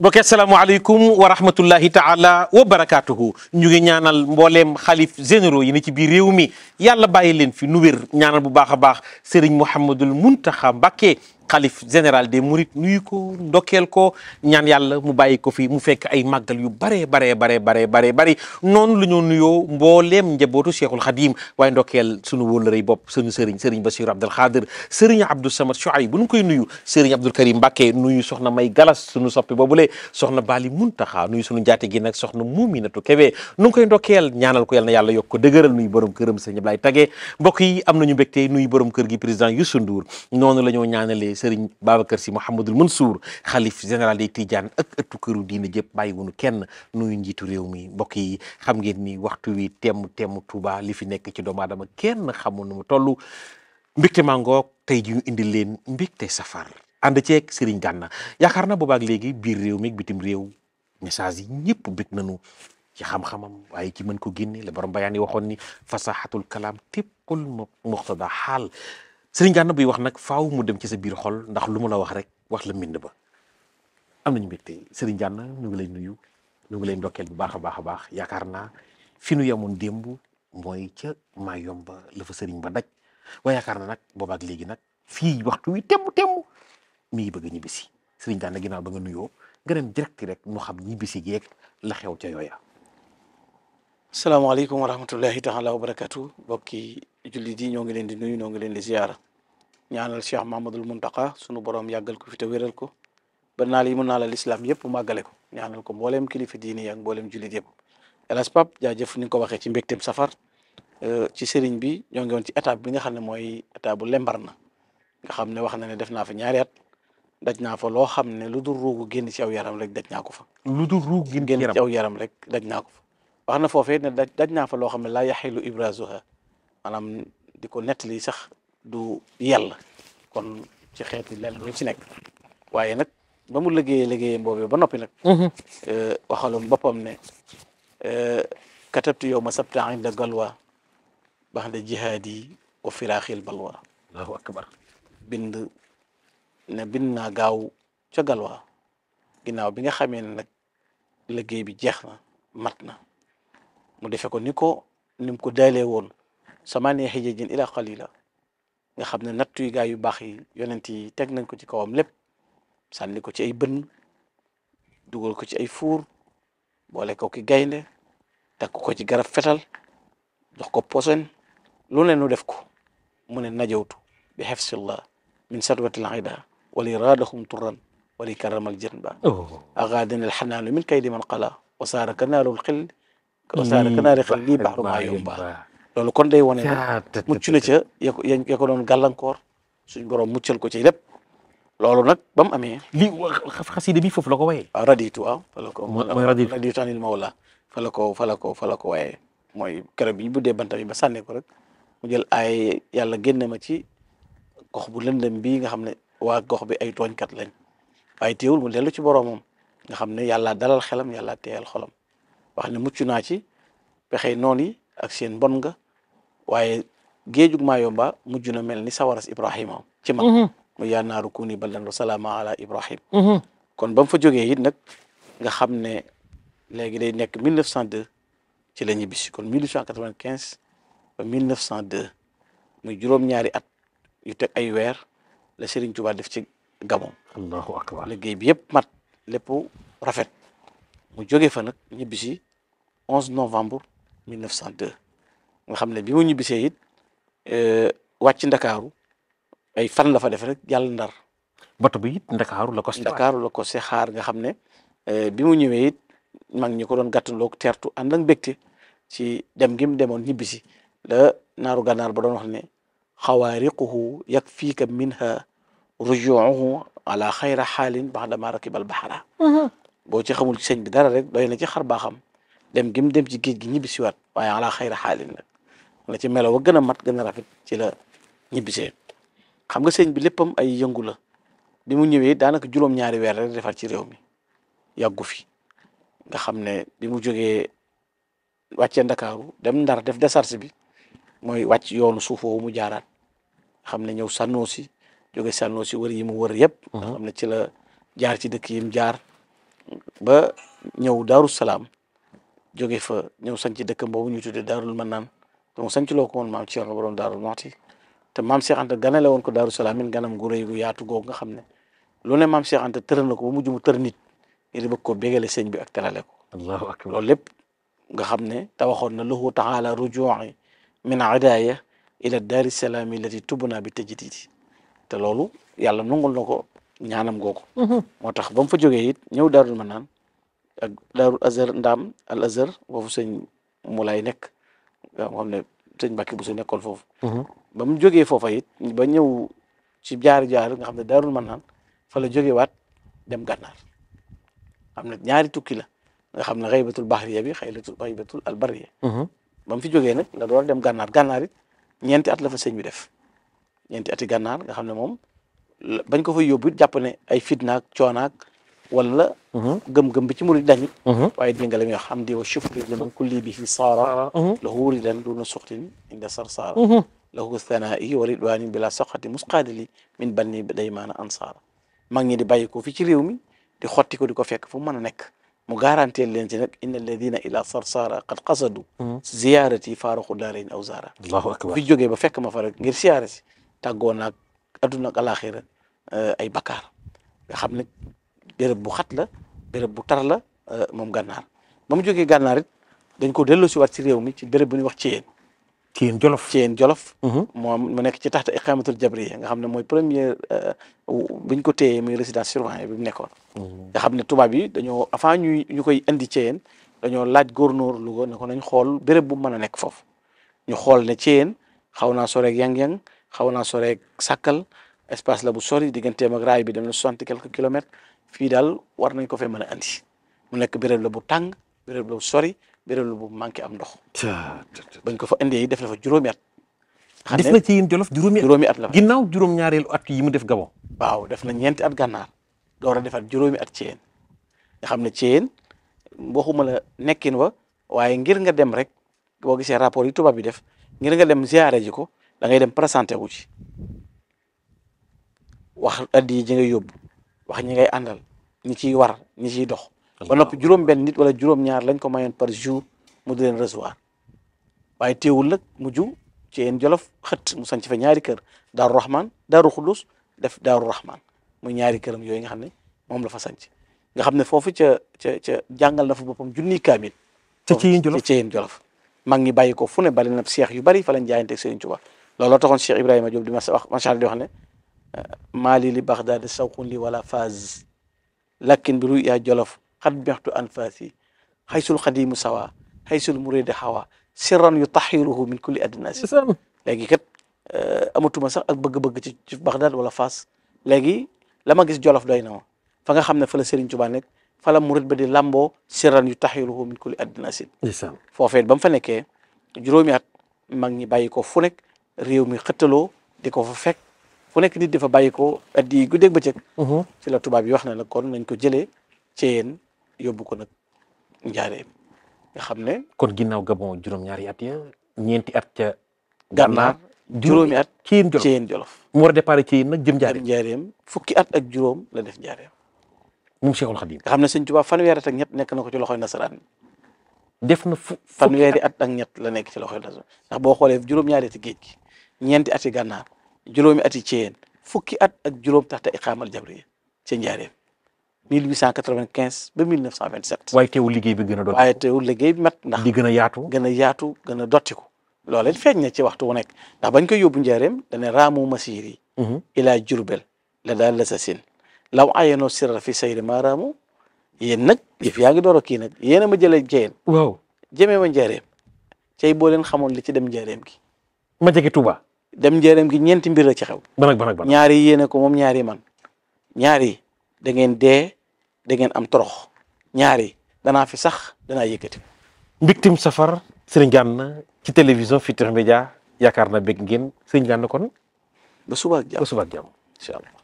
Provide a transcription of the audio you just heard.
mbokk asalaamaaleykum wa rahmatullahi taala wa barakaatuhu ñu ngi ñaanal mbooleem xalif généraux yi ni ci biir réew mi yàlla bàyyi leen fi nu wér ñaanal bu baax a baax Serigne Mouhamadul Muntaxa Mbàkke xalif général des Mourides nuyu ko ndokkeel ko ñaan yàlla mu bàyyi ko fi mu fekk ay màggal yu bare baree baree baree baree bari noonu la ñoo nuyoo mbooleem njabootu Cheikhul Khadim waaye ndokkeel sunu wóllërey bopp sunu sëriñ sëriñ Bassirou Abdou Khadre sëriñ Abdou Samad Chouaïb bu nu koy nuyu sëriñ Abdoul Karim Mbacké nuyu soxna May Galas sunu soppi boobule soxna Bali Muntaxa nuyu sunu njaate gi nag soxna Muminatu Kebe nu ngi koy ndokkeel ñaanal ko yal yàlla yokk dëgërël dëgëral nuyu borom këram sëriñ Ablaye Tagé mbokk yi am nañu mbégte nuyu borom kër gi président Youssou Ndour noonu la ñoo ñaanalee sëriñ Babacar Sy Mouhamadul Mansour xalif général des Tidiane ak ëttu këru diina jëpp bàyyiwunu kenn nuyu njiitu réew mi mbokk yi xam ngeen ni waxtu wi temm temm Touba li fi nekk ci doomu aadama kenn xamul nu mu toll mbégte mangoog tey ji ñu leen mbégte safar ànd ceeg sëriñ Gànna yaakaar na boobaak léegi biir réew mi bitim réew message yi ñëpp bég nañu ci xam-xamam waaye ci mën ko génne la borom bayaan yi waxoon ni fasaxatul kalaam tibqul muqtada xaal sëriñ Gana buy wax nag faaw mu dem ci sa biir xol ndax lu ma la wax rek wax la mbind ba am nañu mbégte sëriñ Gana ñu ngi lay nuyu ñu ngi lay ndokkeel bu baax a baax a baax yaakaar naa fi nu yemoon démb mooy ca maa yomba la fa sëriñ ba daj waaye yaakaar na nag boobaak léegi nag fii waxtu wi temb temb mi ngi bëgg ñibbisi sëriñ Gana ginnaaw ba nga nuyoo nga dem direct rek mu xam ñibbisi geeg la xew ca yooya. salaamaaleykum wa rahmatullahi taxa wa barakatu bokki jullit yi ñoo ngi leen di nuyu ñoo ngi leen di ziyaara ñaanal cheikh mahamadul muntaka sunu borom yàggal ko fi te wéral ko ba naa yi mun naa la lislaam yëpp màggale ko ñaanal ko mbooleem kilifa diini yi ak mbooleem jullit yëpp elas pap jaajëf ni ko waxee ci mbégteem safar euh, ci sëriñ bi ñoo ngi woon ci étape bi nga xam ne mooy étape bu lembar na nga xam ne wax na ne def naa fa ñaari at daj naa fa loo xam ne lu dul ruugu génn ci aw yaram rek daj naa ko fa aw yaram rek daj naa ko fa wax na foofee ne daj daj loo xam ne laa yaxilu ibrazuha maanaam di ko nettali sax du yàlla kon ci xeeti lenn yëpp si nekk waaye nag ba mu liggéeyee liggéeyam boobee ba noppi nag mhm. euh, waxaloon boppam ne euh, katabtu yow ma sabta inda galwa baxda jihaadi wa firaaxil balwa bind na bind naa gaaw ca galwa ginnaaw bi nga xamee ne nag liggéey bi jeex na mat na mu defe ko ni ko ni ko daalee woon samaane xijajin ila qalila nga xam ne nattu yu gaa baax yi yonent yi teg nañ ko ci kawam lépp sànni ko ci ay bën dugal ko ci ay fuur boole ko ki gaynde takk ko ci garab fetal dox ko posen lu ne nu def ko mu ne najawtu bi xefsillah min ay ida wali raadahum turan wali karamal jën ba oh. agaadin alxanaanu min kaydi man qala wa saara kanaalul xill wasaare mm, kanaari xel lii baax maa yomba loolu kon day wane ne mucc na ca ya ko ya ko doon gàllankoor suñ borom muccal ko ci lépp loolu nag ba mu amee. lii xasida bi foofu la ko wayee. ah raditu ah. mooy raditu raditu anil mawla fa la ko fa la ko fa ko wayee mooy keroog bi ñu buddee banta bi ba sànni ko rek mu jël ay yàlla génne ma ci gox bu lëndëm bii nga xam ne waa gox bi ay tooñkat lañ waaye teewul mu dellu ci boromam nga xam ne yàlla dalal xelam yàlla teeyal xolam. wax ne mucc naa ci pexe noon yi ak seen mbon nga waaye géejug Maayomba mujj na mel ni sawaras Ibrahima ci mag mhm. mu yaa naaru kuuni baldan wa salaama ala Ibrahim mhm. kon ba mu fa jógee it nag nga xam ne léegi day nekk cent 1902 ci la ñibbisi kon mille 1895 ba 1902 muy juróom-ñaari at yu teg ay weer la Serigne Touba def ci Gabon. allahu akbar liggéey bi yëpp mat lépp rafet. mu joge fa nag ñibbisi 11 novembre 1902 nga xam ne bi mu ñibbisee it euh, wàcc ndakaaru ay fan la fa def rek yàlla ndar. bato bi it ndakaaru la ko. ndakaaru xaar nga xam ne euh, bi mu ñëwee it mag ñi ko doon gàttandoog teertu ànd ak mbégte ci dem gi mu demoon ñibbisi la naaru ganaar ba doon wax ne xawaariquhu yakfiika minha rujuuhu ala xayra xaalin baxdama rakibal baxara mhm. boo ci xamul sëñ bi dara rek doy na ci xar baaxam dem gi dem ci géej gi ñibbisiwaat waaye ala xayra xaalin nag la ci melo wa gën a mat gën a rafet ci la ñibbisee xam nga sëñ bi léppam ay yëngu la mu ñëwee daanaka juróom weer rek defar ci réew mi yàggu fi nga xam ne bi mu jógee wàccee ndakaaru dem ndar def décharge bi mooy wàcc yoonu suuf woowu mu jaaraat nga xam ne ñëw sànnoo si jóge sànnoo si wër yi mu wër yëpp nga uh-huh. xam ne ci la jaar ci dëkk yi jaar ba ñëw daaru salaam jóge fa ñëw sanc dëkk boobu ñu tuddee daarul mannaan te mu sanc loo ko woon maam Cerno borom daarul moxti te maam Cheikh ganale woon ko daaru salaam min ganam gu rëy gu yaatu googu nga xam ne lu ne maam Cheikh Anta tëral na ko ba mu tër nit ngir bëgg ko bégale sëñ bi ak terale ko allahu akbar loolu lépp nga xam ne te waxoon na lahu taala rujuu'i min idaaya ila daari salaami lati tubna bi ji tajdidi te loolu yàlla nungul na ko ñaanam googu. moo tax ba fa jógee it ñëw daarul manaan ak daarul azar ndaam al azar foofu sëñ Mulaay nekk nga xam ne sëñ Mbàkke bu su nekkoon foofu. ba mu jógee foofa it ba ñëw ci jaar jaar nga xam ne daarul manaan fa la jógee waat dem gànnaar xam ne ñaari tukki la nga xam ne xaybatul baxriya bi xaybatul xaybatul albariya. ba mu fi jógee nag la door dem gànnaar gànnaar ñeenti at la fa sëñ bi def ñeenti ati gànnaar nga xam ne moom. bañ ko fay yóbbu jàpp ne ay fitnaak coonaak wala. Mhm. gëm-gëm bi ci murid dañ. Mhm. waaye dégg nga li muy wax xam di wa shukri liman kulli bihi saara. Mhm. lahu wuridan duna suxtin inda sarsaara. lahu thanaa'i wa ridwaani bila soxati musqaadili min banni daymaana ansaara. mag ñi di bàyyi ko fi ci réew mi di xotti ko di ko fekk fu mu mën a nekk. mu garantie leen ci nag inna sarsara qad qasadu ziyaarati faaraxu daarayn aw zaara. fi jógee ba fekk ma fa ngir siyaare si adduna ak alaxira euh, ay bakkaar nga xam ne béréb bu xat la béréb bu tar la euh, moom gànnaar ba mu jógee gànnaar it dañ ko delloo si ci si réew mi ci béréb bu ñuy wax Thièyène Thièyène Jolof Thièyène Jolof mhm. moom mu nekk ci taxta iqamatul jabriya nga xam ne mooy première euh, biñ ko téyee muy résidence surveillée bi mu nekkoon mhm. nga xam ne tubaab yi dañoo avant ñuy ñu koy indi Thièyène dañoo laaj góornóor Louga ne ko nañ xool béréb bu mën a nekk foofu ñu xool ne Thièyène xaw naa soreeg yang-yang xaw naa soreeg sàkkal espace la bu sori digganteem ak raay bi dem na soixante quelques kilomètres fii daal war nañ ko fee mën a andi mu nekk béréb la bu tàng béréb la bu sori béréb la bu manqué am ndox. bañ ko fa indee def na fa juróomi at. def na ci yéen Jolof juróomi at at la fa ginnaaw juróom at yi mu def Gabon. waaw def na ñeenti at gànnaar door defaat juróomi at ci yéen xam ne ci yéen waxuma la nekkin wa waaye ngir nga dem rek boo gisee rapport yi tubaab bi def ngir nga dem ziare ji ko. da ngay dem présenté wu ci wax addi yi ji nga wax ñi ngay àndal ñi ciy war ñi ciy dox. ba noppi juróom-benn nit wala juróom-ñaar lañ ko mayoon par jour mu di leen recevoir waaye teewul nag mujj ci yéen jolof xët mu sanc fa ñaari kër daaru Rahman daaru Xudus def daaru Rahman muy ñaari këram yooyu nga xam ne moom la sanc nga xam ne foofu ca ca ca jàngal na fu boppam junniy kaamil. ca ci yéen jolof ca ci yéen jolof mag ñi bàyyi ko fu ne bari na seex yu bari fa lañ jaayante ak Serigne Touba looloo taxoon Cheikh Ibrahima Diop di mas wax macha allah di wax ne euh, maali li baxdaadi sawqun li wala faaz lakkin bi ruy yaa jolof xat bextu anfaasi xaysul xadimu sawa xaysul muridi xawa sirran yu taxiruhu min kulli adnaasi léegi kat euh, amatuma sax ak bëgg-bëgg ci ci baxdaad wala faas léegi la ma gis jolof doy na ma nga xam ne fa la Serigne Touba nekk fa la murid ba di lamboo sirran yu taxiruhu min kulli adnaasin foofee ba bam fa nekkee juróomi at mag ñi bàyyi ko fu réew mi xëttaloo di ko fa fekk fu nekk nit defa bàyyi ko at yi guddeeg bëccëg mhm. ci la tubaab yi wax na la kon nañ ko jëlee Ceyeen yóbbu ko nag njaareem nga xam ne kon ginnaaw Gabon juróom-ñaari at ya ñeenti at ca gànnaar juróomi at Ceyeen Jolof Ceyeen Jolof mu war a départ Ceyeen jëm njaareem njaareem fukki at ak juróom la def njaareem moom Cheikhul Khadim nga xam ne sëñ Tuubaa fanweeri at ñett nekk na ko ci loxoy nasaraan def na fu fanweeri at ak ñett la nekk ci loxoy nasaraan ndax boo xoolee juróom-ñaari at géej gi ñeenti ati gànnaar juróomi ati ceen fukki at ak juróom tax te iqaamal jabriya ca njaareem 1895 ba 1927. waaye teewul liggéey bi gën a doon waaye teewul liggéey bi mat ndax. di gën a yaatu gën a yaatu gën a dottiku. loolee feeñ na ci waxtu wu nekk ndax bañ koy yóbbu njaareem dane raamu masiir yi. Mhm. ilaa jurbel la daal la sa sin law ayenoo sirra fi sayri maa raamu yéen nag yëf yaa ngi door a kii nag yéen a ma jëlee jeen. waaw jëmee ma njaareem. tey boo leen xamoon li ci dem njaareem gi. ma jege tuba dem njëriñam gi ñeenti mbir la ci xew. ban ak ban ak ban ñaari ko moom ñaari man ñaari da ngeen dee da ngeen am torox ñaari danaa fi sax danaa yëkkati. mbiktim safar Serigne Gana ci télévision Futurs Médias yaakaar na bëgg ngeen Serigne Gana kon. ba suba ak jàmm ba suba